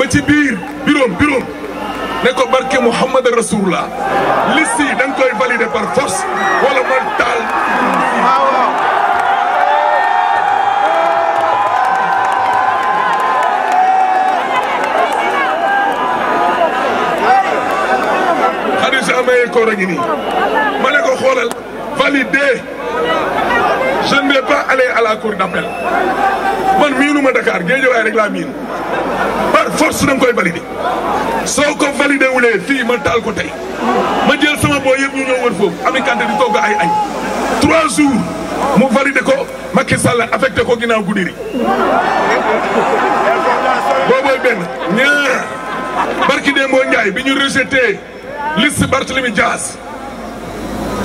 ba ci biir biroom biroom ne ko barke Muhammad Rasulullah liste yi da nga koy valider par force wala ma taal. xadisa amee koor a ngi nii ma ne ko xoolal valider. je ne vais pas aller à la cour d'appel man miinu ma Dakar Guédiawaye rek laa miin par force da nga koy valider soo ko valider wulee fii ma taal ko tey ma jël sama boo yëpp ñu wër foofu Ami Kanté di togg ay añ trois jours mu valider ko Macky Sall affecté ko ginnaaw Goudiri boobooy benn ñaar barki Dembo Ndiaye bi ñu rejeté liste Barthélemy Dias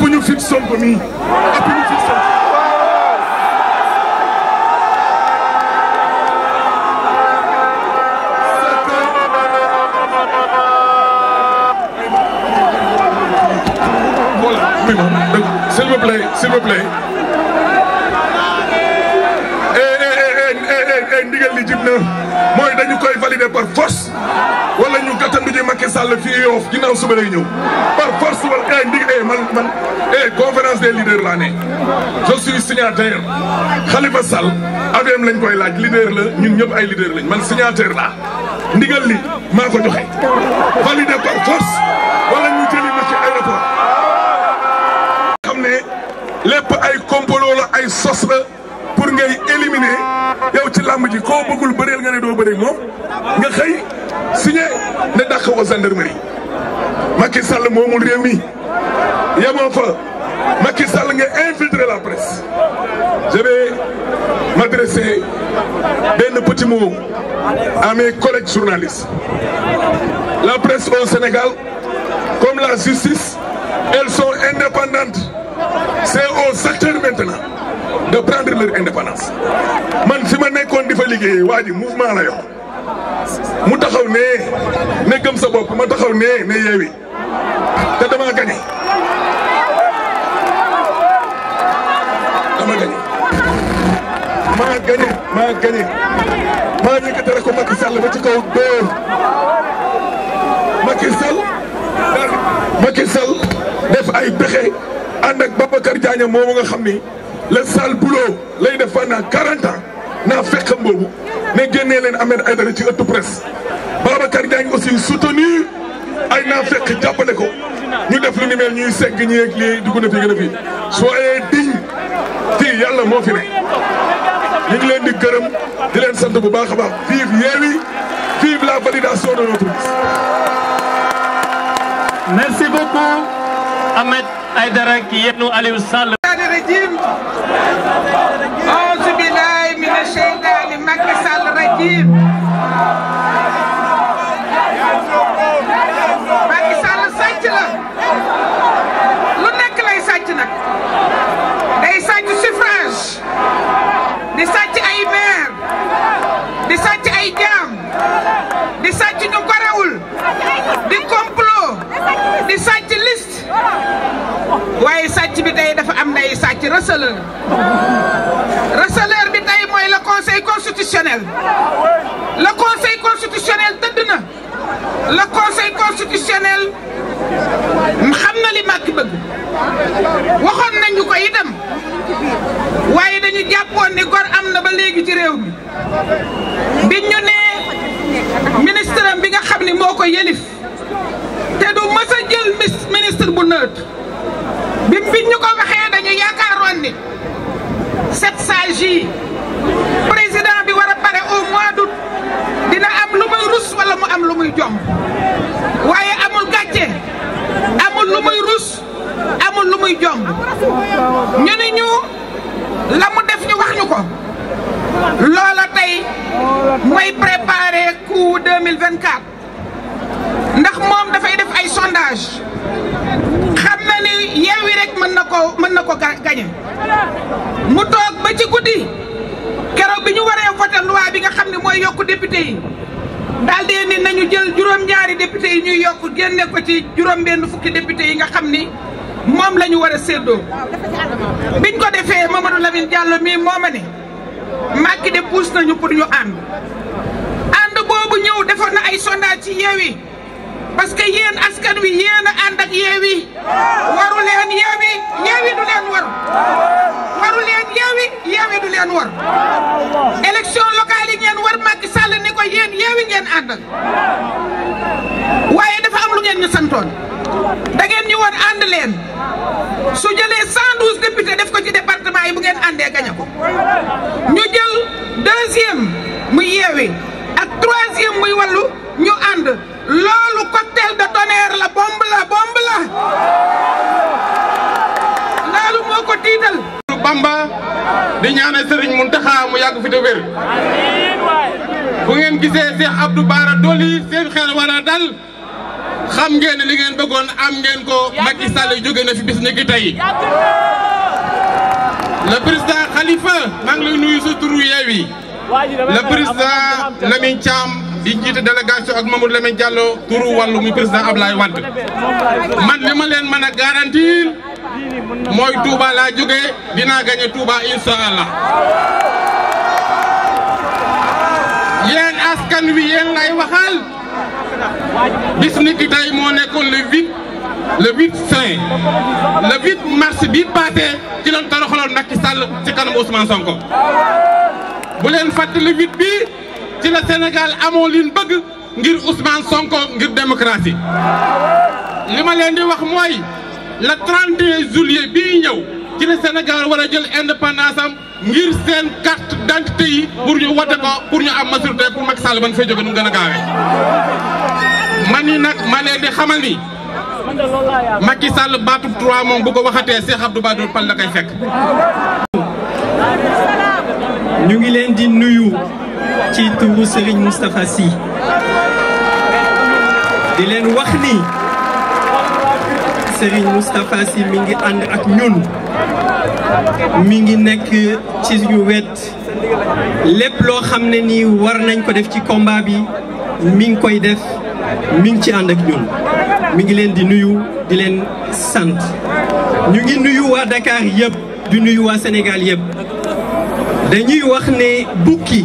ëpp ñu fit Sonko mi ëpp ñu fit Sonko s'il vous mooy dañu koy valider par force wala ñu gàttandu Macky Sall fii Yoff ginnaaw suba lay ñëw par force war eh ndig eh man man eh conférence des leaders laa ne je suis signataire Khalifa Sall ABM lañ koy laaj leader la ñun ñëpp ay leader lañ man signataire laa ndigal li maa ko joxe validé par force wala ñu jëli ma ci aéroport xam ne lépp ay complot la ay sos la pour ngay éliminer yow ci làmb ji koo bëggul bëreel nga ne doo bëri moom nga xëy signé Macky Sall Macky Sall infiltrer la presse je vais m'adresser d'un petit mot à mes collègues journalistes la presse au Sénégal comme la justice elles sont indépendantes c'est aux acteurs maintenant de prendre leur indépendance man fi ma suis mouvement la mu taxaw nee ne gëm sa bopp ma taxaw nee ne yeewi te dama gañe dama gañe maa gañe maa gañe maa yëkkatale ko Macky Sall ba ci kaw dóor Macky Sall Macky Sall def ay pexe ànd ak Babacar Diagne moomu nga xam ni le sale boulot lay def pendant 40 ans naa fekkam bobu ne len amène Ahmed dara ci ëttu presse Babacar Diagne aussi soutenir ay na fekk jappalé ko ñu def lu ni mel ñuy segg ñi ak li duguna na fi gëna a so ay digne fii yalla mo fi ne ñu ngi len di gërëm di len sant bu baaxa a baax vive yewi vive la validation de notre presse merci beaucoup Ahmed Aïdara ki yenu Aliou Sall équipe Macky Sall sàcc la lu nekk lay sàcc nag day sàcc suffrage di sàcc ay maire di sàcc ay jaam di sàcc ñu gorewul di complot di sàcc liste waaye sàcc bi day dafa am nay sàcc rësala constitutionnel le conseil constitutionnel tëdd na le conseil constitutionnel xam na li màkk bëgg waxoon nañu ko itam waaye dañu jàppoon ni gor am na ba léegi ci réew mi biñ ñu ministre am nga xam ni moo ko yëlif te du mës jël ministre bu neutre bi biñ ñu ko waxee dañu yaakaaroon ni sept sages président bi wara a au mois d'août dina am lu muy rus wala mu am lu muy jom waye amul gatché amul lu muy rus amul lu muy jom ñene ñu la mu def ñu wax ñuko lola tay moy préparer coup 2024 ndax da fay def ay sondage xamna ni yewi rek mën nako ko mën na ko mu tok ba ci goudi voté bi nga xam ne mooy yokku député yi daal di ni nañu jël juróom-ñaari député yi ñuy yokk génne ko ci juróom-benn fukki député yi nga xam ni moom la ñu war a séddoo. biñ ko defee Mamadou Lamine Diallo mii moo ma ne Macky de puus nañu pour ñu ànd ànd boobu ñëw defoon na ay sondage ci Yewwi parce que yéen askan wi yéen a ànd ak yeewi waru leen yeewi yeewi du leen war waru yeewi yeewi du leen war élection locale ngeen war Macky Sall ni ko yéen yeewi ngeen àndal waaye dafa am lu ngeen ñu santoon da ñu war ànd leen su jëlee 112 député def ko ci département yi bu ngeen àndee gañe ko ñu jël deuxième muy yeewi ak troisième muy wàllu ñu ànd loolu cocktail de tonnerre la bombe la bombe la loolu moko ko Bamba di ñaanal Serigne Mountakha mu yag fi te way bu ngeen gisé Cheikh Abdou Bara doli seen xel wara dal xam ngeen li ngeen bëggoon am ngeen ko Macky Sall jóge na fi bis ni ki tay le président Khalifa mang lay nuyu sa turu yewi le président Lamine cham di jité délégation ak Mamadou Lamine Diallo touru walu mi président Ablaye Wade man lima len leen garantir moy Touba la jógee dina gagné Touba inshallah yeen askan wi yeen lay waxal bis ni ki tey moo nekkoon le 8 le 8 saint le 8 mars bi paté ci lan taroxalon nakki Sall ci kanam Ousmane Sonko bu len fàttali le 8 bi ci la Sénégal amoo liin bëgg ngir Ousmane Sonko ngir démocratie li ma leen di wax mooy le 31 juillet bii ñëw ci la Sénégal war a jël indépendance am ngir seen carte d'identité yi pour ñu wote ko pour ñu am majorité pour Macky Sall man fay jóge nu mu gën gaawee. man yi nag ma leen di xamal ni Macky Sall baatub trois moom bu ko waxatee Cheikh Abdou Badou Pal la fekk. ñu ngi leen di nuyu. ci turu Serigne Moustapha Sy di leen wax ni Serigne Moustapha Sy mi ngi ànd ak ñun mi ngi nekk ci wet lepp lo ni war nañ ko def ci combat bi mi ngi koy def mi ci ak ñun di nuyu di sant ñu ngi nuyu wa Dakar yeb, di nuyu wa Sénégal yëpp dañuy wax ne bukki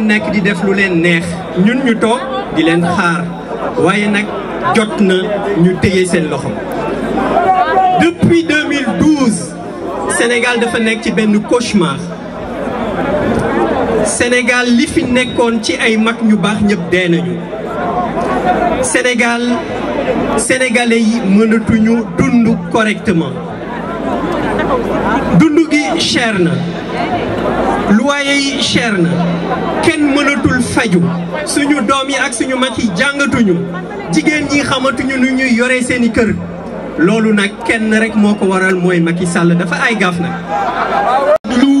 nekk di def lu leen neex ñun ñu di leen xaar ñu depuis 2012 Sénégal dafa nekk ci benn cauchemar Sénégal li fi un ci ay mag ñu baax ñëpp dee nañu Sénégal sénégalais yi mënatuñu correctement dund gi cher na. loyer yi cher na kenn mënatul faju suñu doom yi ak suñu mag yi jàngatuñu jigéen ñi xamatuñu nu ñuy yore seeni kër loolu nag kenn rek moo ko waral mooy mag yi sàll dafa ay gaaf nag. lu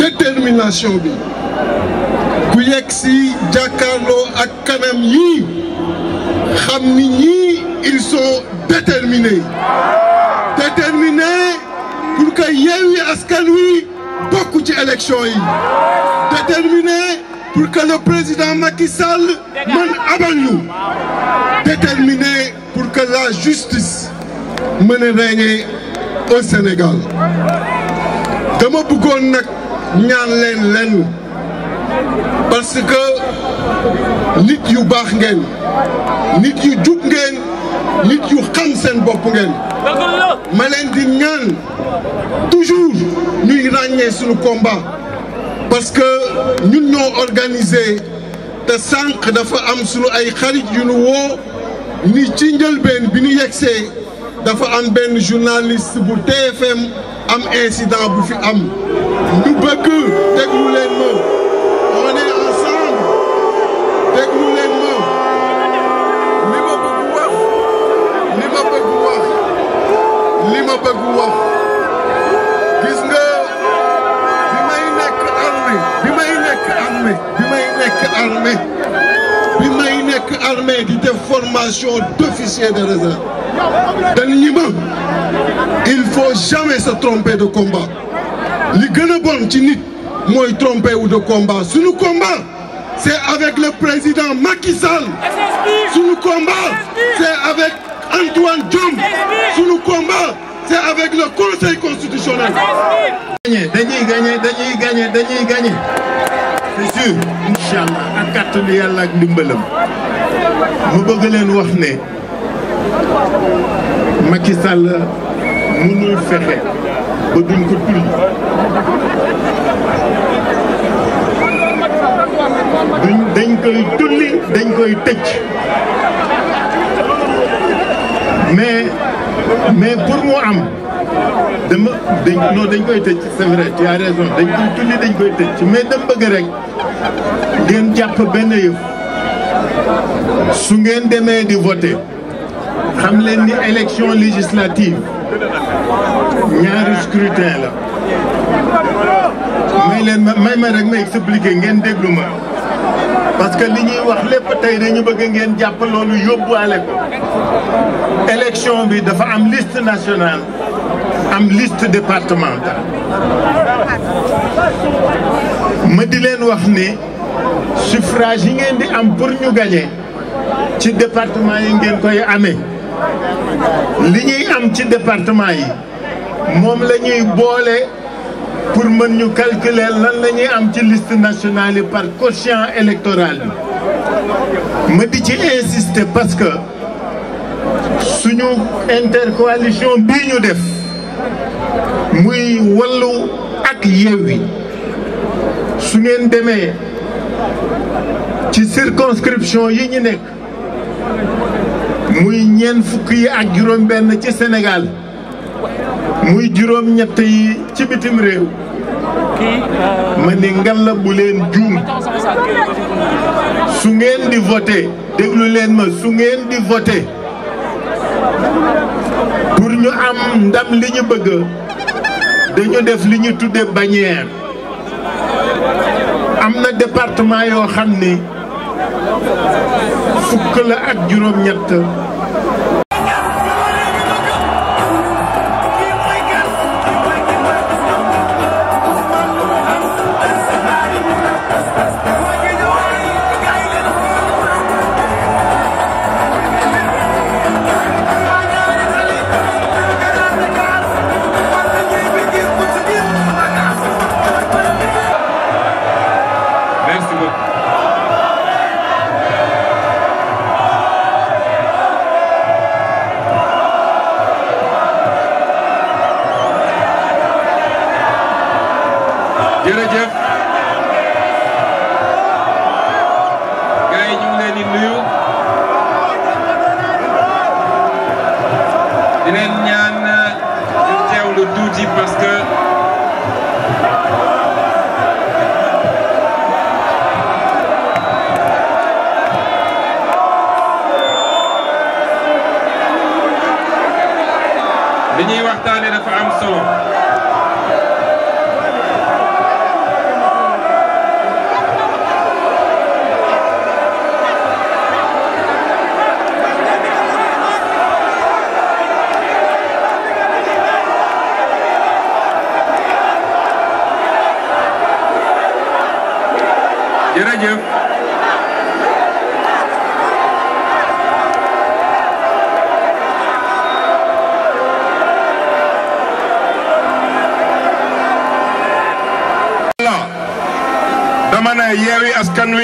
détermination bi ku yekk si jàkkaarloo ak kanam yii xam ni ñii ils sont déterminés déterminés pour que Yewwi Askan Wi. Beaucoup ci élection déterminé pour que le président Macky Sall mène avant nous, déterminé pour que la justice mène au Sénégal dama bëggoon que ñaan leen lenn parce que nit yu baax les nit yu nit yu xam seen bopp ngeen ma leen di ñaan toujours ñuy ràññee suñu combat parce que ñun ñoo organisé te sànq dafa am suñu ay xarit yu nu woo ni ci njëlbeen bi ñu yegsee dafa am benn journaliste bu TFM am incident bu fi am ñu bëgg déglu leen ma bëgg wax gis nga bi may nekk armée bi may nekk armée bi may nekk armée bi armée di formation d'officiers de réserve dañ ñi il faut jamais se tromper de combat Les gën ne bon ci nit tromper wu de combat suñu combat c'est avec le président Macky Sall suñu combat c'est avec Antoine Si suñu combat c'est avec le Conseil constitutionnel. Gagnez, gagnez, gagnez, gagnez, C'est sûr, ne Macky Sall mais. mais pour mu am dama dañ non dañ koy tëj c'est vrai tu raison dañ koy tulli dañ koy tëj mais dama bëgg rek ngeen jàpp benn yëf su ngeen demee di vote xam leen ni élection législative ñaari scrutin la may leen ma may ma rek ma expliquer ngeen déglu ma parce que li ñuy wax lépp tey dañu bëgg ngeen jàpp loolu ale ko élection bi dafa am liste nationale am liste départementale ma di len wax ni suffrage yi ngeen di am pour ñu gagner ci département yi ngeen koy amé li ñuy am ci département yi mom pour mën calculer lan la am ci liste nationale par quotient électoral je ma di ci insister parce que suñu intercoalition bii ñu def muy wallu ak yewwi su ngeen demee ci circonscription yi ñu nekk muy ñeent fukk yi ak juróom benn ci Sénégal muy juróom ñett yi ci bitim réew ma ni ngalabu leen juum su ngeen di voté déglu leen ma su ngeen di voté pour ñu am ndam li ñu bëgg dañu def li ñu tudde bannière am na département yoo xam ni fukk la ak juróom-ñett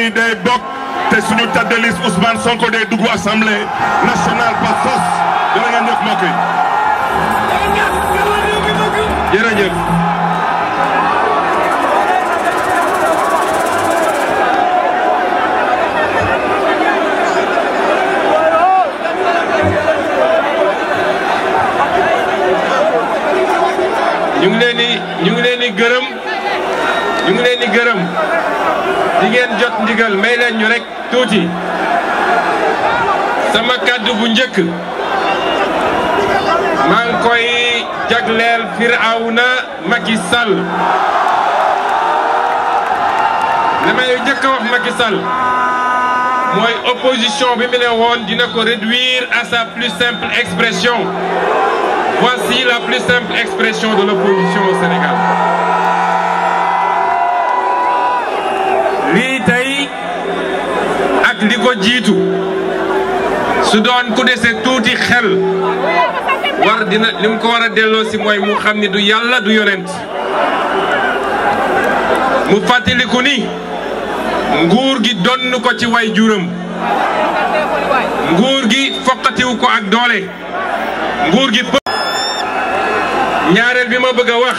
nii day bokk te suñu tête de liste Ousmane Sonko day dugg assemblée nationale par force jërë ngeen jëf mbokk yi jërëjëf ndigal may leen ñu rek tuuti sama kàddu bu njëkk maa ngi koy jagleel Firawna Macky li may njëkk wax Macky opposition bi mu ne woon dina ko réduire à sa plus simple expression voici la plus simple expression de l'opposition au Sénégal Di ko jiitu su doon ku dese tuuti xel war dina lim ko wara delo ci moy mu xamni du yalla du yonent mu fàttaliku ni nguur gi donn ko ci way juuram nguur gi foqatiwu ko ak doole nguur gi ñaarel bi ma bëgg wax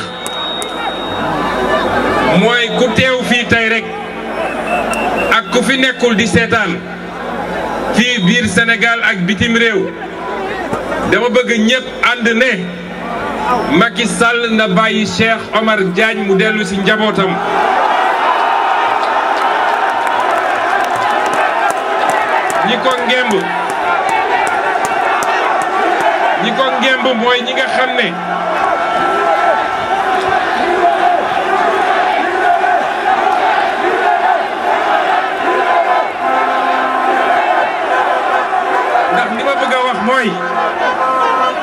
moy ku teew fi ku fi nekkul di seetaan fii biir Sénégal ak bitim réew dama bëgg ñëpp ànd ne Macky Sall na bàyyi Cheikh Omar jaañ mu dellusi njabootam. ñi ko ngemb ñi ko ngemb mooy ñi nga xam ne. mooy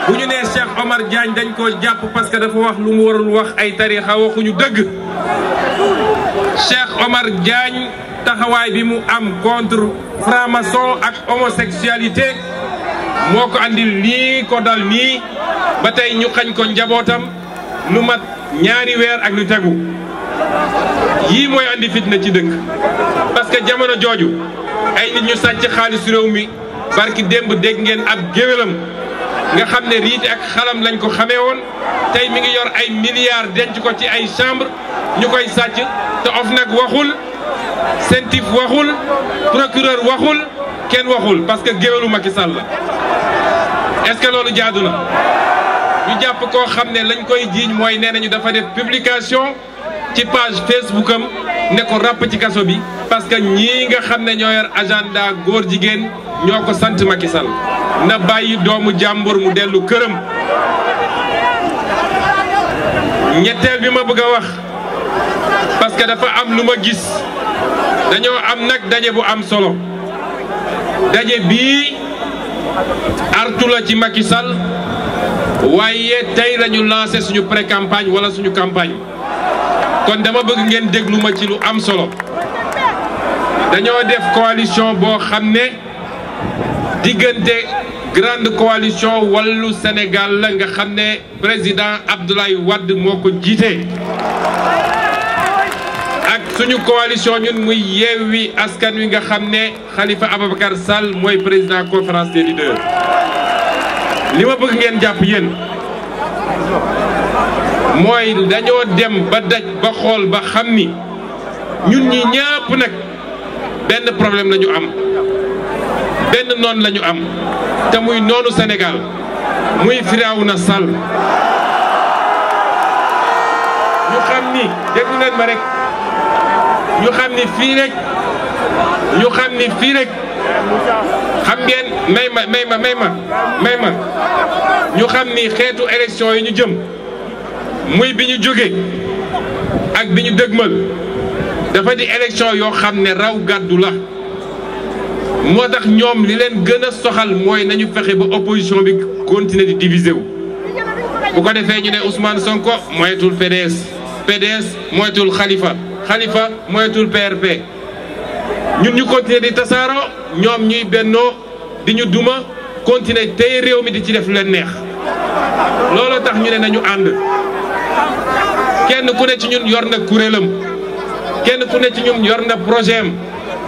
bu ñu nee Cheikh Omar Diagne dañ koo jàpp parce que dafa wax lu mu warul wax ay tarixa waxuñu dëgg Cheikh Omar Diagne taxawaay bi mu am contre franc-maçon ak homosexualité moo ko andil lii ko dal nii ba tey ñu xañ ko njabootam lu mat ñaari weer ak lu tegu yii mooy andi fitna ci dëkk parce que jamono jooju ay nit ñu sàcc xaalis réew mi barki démb dégg ngeen ab géwélam nga xam ne riiti ak xalam lañ ko xamee woon tey mi ngi yor ay milliards denc ko ci ay chambre ñu koy sàcc te OFNAC waxul CENTIF waxul procureur waxul kenn waxul parce que géwélu Macky Sall la est-ce que loolu jaadu na ñu jàpp koo xam ne lañ koy jiiñ mooy nee nañu dafa def publication ci page Facebook am ne ko ràpp ci kaso bi parce que ñii nga xam ne ñoo yor agenda góor jigéen ñoko sant Macky Sall na bayyi doomu jambour mu delu kërëm ñettel bi ma bëgg wax parce que dafa am luma gis dañoo am nak dajé bu am solo dajé bi artu la ci Macky Sall waye tay lañu lancer suñu pré campagne wala suñu campagne kon dama bëgg ngeen dégg luma ci lu am solo dañoo def coalition bo xamné diggante grande coalition wàllu Sénégal la nga xam ne président Abdoulaye Wade moo ko jiite. ak suñu coalition ñun muy Yewwi Askan Wi nga xam ne Khalifa Ababacar Sall mooy président conférence des leaders. li ma bëgg ngeen jàpp yéen mooy dañoo dem ba daj ba xool ba xam ni ñun ñi ñëpp nag benn problème la ñu am. benn noon lañu am te muy noonu Sénégal muy Firawna Sall ñu xam ni déglu leen ma rek ñu xam ni fii rek ñu xam fii rek xam ngeen may ma may ma ma may ñu xam ni xeetu élection yi ñu jëm muy bi ñu jóge ak bi ñu dëgmal dafa di élection yoo xam ne raw gàddu la moo tax ñoom li leen gën a soxal mooy nañu fexe ba opposition bi continuer di diviser wu bu ko defee ñu ne Ousmane Sonko moyetul PDS PDS moyetul xalifa Khalifa moyetul PRP ñun ñu continuer di tasaaroo ñoom ñuy bennoo di ñu duma continuer tey réew mi di ci def leen neex looloo tax ñu ne nañu ànd kenn ku ne ci ñun yor na kuréelam kenn ku ne ci ñun yor na projet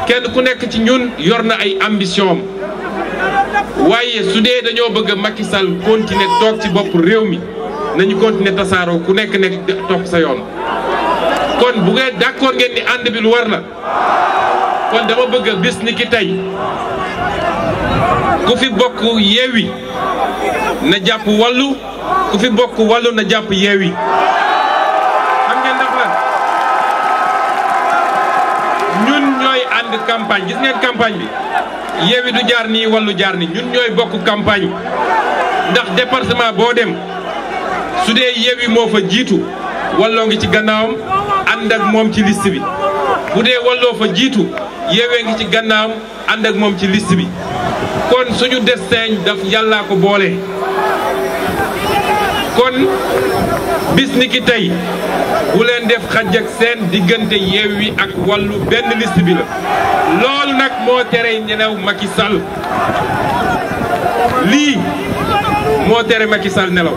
kenn ku nekk ci ñun yor na ay ambition waaye su dee dañoo bëgg a Macky Sall continuer toog ci bopp réew mi nañu continuer tasaaroo ku nekk ne toog sa yoon. kon bu ngeen d'accord ngeen ni ànd bi lu war na kon dama bëgg a bis ni ki tey ku fi bokk yeewi na jàpp wallu ku fi bokk wallu na jàpp yeewi. def campagne gis ngeen campagne bi Yewwi du jaar nii Wallu jaar ni ñun ñooy bokk campagne ndax département boo dem su dee Yewwi moo fa jiitu Walloo ngi ci gannaaw ànd ak moom ci liste bi bu dee Walloo jiitu Yewwi ci gannaawam ànd ak moom ci list bi kon suñu destin daf yàllaa ko boole kon. bis niki tay bu len def xaj ak sen digeunte Yewwi ak walu ben liste bi la lol nak mo téré nelaw Macky Sall li mo téré Macky Sall nelaw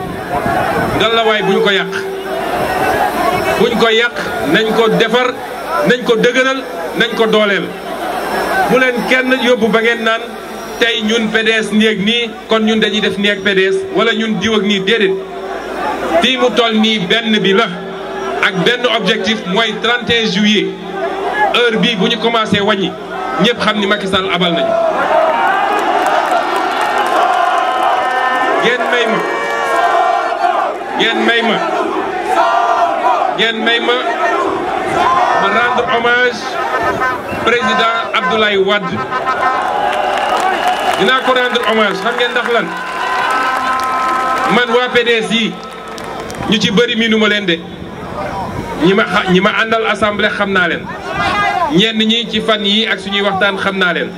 way buñ ko yak buñ ko yak nañ ko défar nañ ko nañ ko dolel bu len kenn yobbu ba ngeen naan tay ñun PDS neeg ni kon ñun dañuy def neeg PDS wala ñun diw ak ni dedet Si vous Ben un objectif le 31 juillet heure bi vous commencez wani, ni vous ni Macky Sall abal rendre hommage président Abdoulaye Wade rendre hommage ñu ci bëri miinu ma leen de ñi ma xa ñi ma àndal assemblée xam naa leen ñenn ñi ci fan yi ak suñuy waxtaan xam naa leen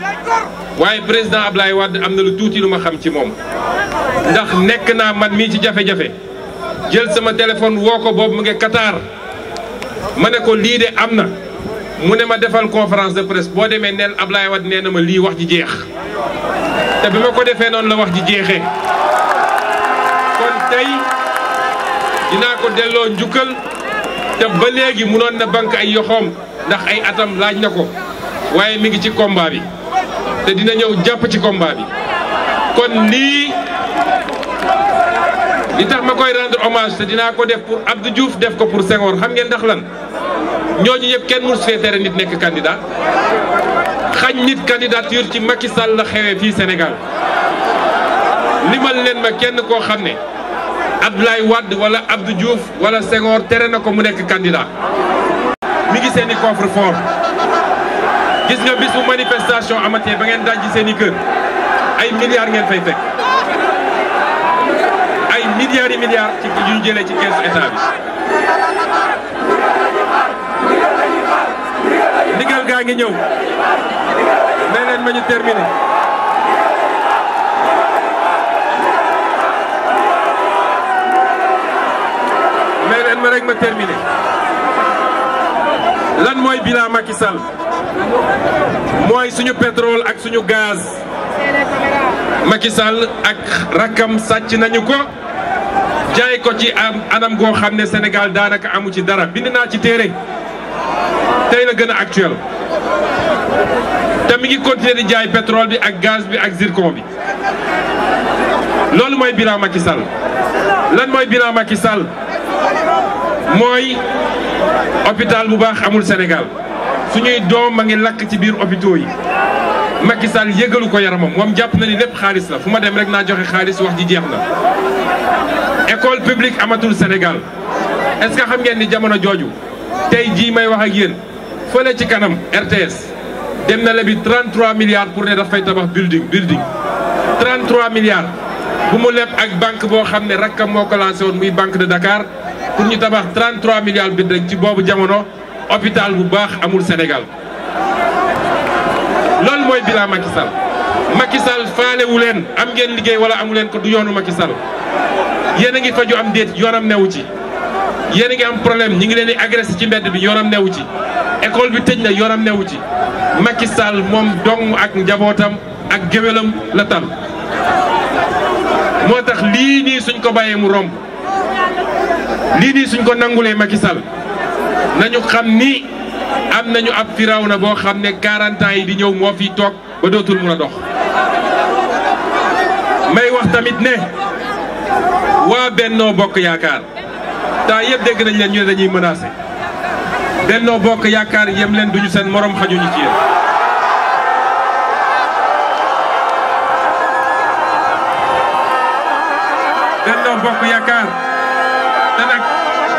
waaye président Ablaye Wade am na lu tuuti lu ma xam ci moom. ndax nekk naa man mii ci jafe-jafe jël sama téléphone woo ko boobu mu ngi Qatar ma ne ko lii de am na mu ne ma defal conférence de presse boo demee neel Ablaye Wade nee na ma lii wax ji jeex te bi ma ko defee noonu la wax ji jeexee kon tey. dina ko delo njukal te ba legi munon na bank ay yoxom ndax ay atam laaj nako ko mi ngi ci combat bi te dina ñew japp ci combat bi kon ni li tax ma koy rendre hommage te dina ko def pour Abdou Diouf def ko pour Senghor xam ngeen ndax lan ñooñu yeb kenn mu fee nit nek candidat xagn nit candidature ci Macky Sall la xewé fi Sénégal limal len ma kenn ko xamné Abdoulaye Wade wala Abdou Diouf wala Senghor téré nako mu nek candidat mi ngi seen coffre fort gis nga bisu manifestation amatié ba ngeen dajji seen keur ay milliards ngeen fay fek ay milliards milliards ci ñu jëlé ci caisse état bi. ndigal gaa ngi ñëw leen ma ñu terminer. ma rek ma terminer lan mooy bilan Macky mooy suñu pétrole ak suñu gaz Macky Sall ak rakkam sàcc nañu ko jaay ko ci am anam goo xam ne Sénégal daanaka amu ci dara bind naa ci téere tey la gën a actuel te mi ngi continuer jaay pétrole bi ak gaz bi ak zircon bi loolu mooy bilan Macky Sall mooy hôpital bu baax amul Sénégal suñuy doom a ngi lakk ci biir hôpitaux yi Macky Sall yëgalu ko yaramam moom jàpp na ni lépp xaalis la fu ma dem rek naa joxe xaalis wax ji jeex na. école publique amatul Sénégal est xam ngeen ni jamono jooju tey jii may wax ak yéen fële ci kanam RTS dem na lebi 33 milliards pour ne dafay tabax building building 33 milliards bu mu leb ak banque boo xam ne rakkam moo ko lancé woon muy banque de Dakar. pour ñu tabax 33 milliards bi rek ci boobu jamono hôpital bu baax amul Sénégal loolu mooy bilan Macky Sall Macky Sall faalewu leen am ngeen liggéey wala amu leen ko du yoonu Macky Sall yéen a ngi faju am déet yoonam newu ci yéen ngi am problème ñi ngi leen di agressé ci mbedd bi yoonam newu ci école bi tëj na yoonam newu ci Macky Sall moom dong ak njabootam ak géwélam la tal moo tax lii nii suñ ko bàyyee mu romb li di suñ ko nangulé Macky Sall nañu xam ni am nañu ab firawna bo xamné 40 ans yi di ñew mo fi tok ba dootul mëna dox may wax tamit né wa benno bokk yaakar temps yëpp dégg nañ leen ñu dañuy menacer benno bokk yaakar yem leen duñu seen morom ñu ci yéen yakar.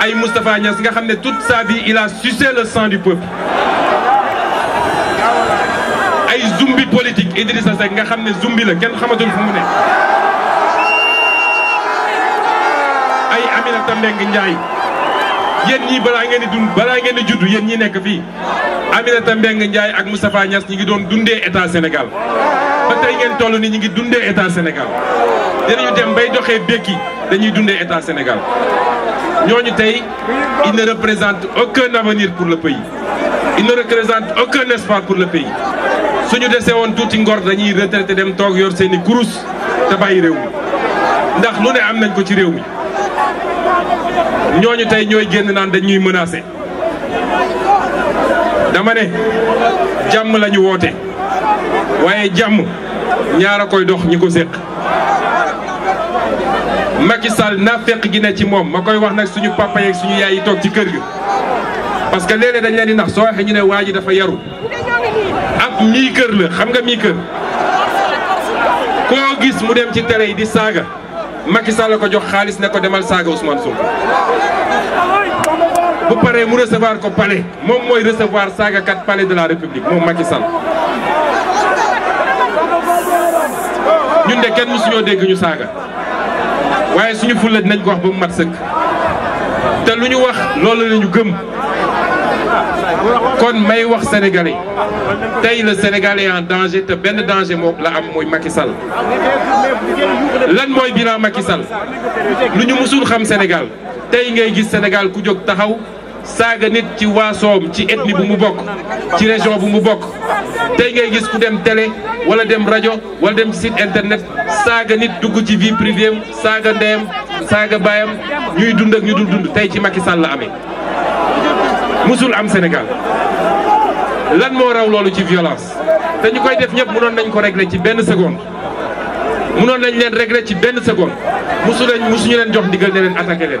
ay Moustapha Niass nga xam ne toute sa vie il a sucé le sang du peuple ay zumbi politique Idrissa Seck nga xam ne zumbi la kenn xamatul fu mu ne ay Aminata Mbengue Ndiaye Yen ñii balaa ngeen di dund balaa ngeen di juddu yéen ñi nekk fii Aminata Mbengue Ndiaye ak Moustapha Niass ñi ngi doon dundee état Sénégal ba tey ngeen toll ni ñi ngi dundee état Sénégal dinañu dem bay doxee békki dañuy dundee état Sénégal ils ne représentent aucun avenir pour le pays ils ne représentent aucun espoir pour le pays suñu dese woon tout ngor dañuy nous dem toog yor mi ndax nous ne l'avons-nous pas ko ci nous mi ñooñu Nous avons menacé dama ne nous la ñu woote Nous jàmm koy dox Macky na naafeq gi ne ci moom ma koy wax nag suñu papa suñu yaay yi toog ci kër gi parce que léeg dañ leen ni nax soo waxee ñu ne waa ji dafa yaru ab mii kër la xam nga mii kër koo gis mu dem ci télé yi di saaga Macky Sall la ko jox xaalis ne ko demal saaga Ousmane Sonko bu paree mu recevoir ko palais moom mooy recevoir saagakat palais de la République moom Macky Sall ñun de kenn mësuñoo dégg ñu saaga. waye suñu fulle dinañ ko wax bu mu mat sëkk te lu wax loolu lañu gëm kon may wax sénégalais tay le sénégalais en danger té ben danger mo la am moy Macky Sall lan moy bilan Macky Sall lu ñu xam Sénégal tay ngay gis Sénégal ku jog taxaw saaga nit ci waasoom ci ethnie bu mu bokk ci région bu mu bokk tey ngay gis ku dem télé wala dem rajo wala dem sit internet saaga nit dugg ci vie privée am saaga ndeyam saaga baayam ñuy dund ak ñu dul dund tey ci Macky Sall la amee musul am Sénégal lan moo raw loolu ci violence te ñu koy def ñëpp mënoon nañ ko régler ci benn seconde mënoon nañ leen régler ci benn seconde musu leen musuñu leen jox ndigal ne leen attaqué leen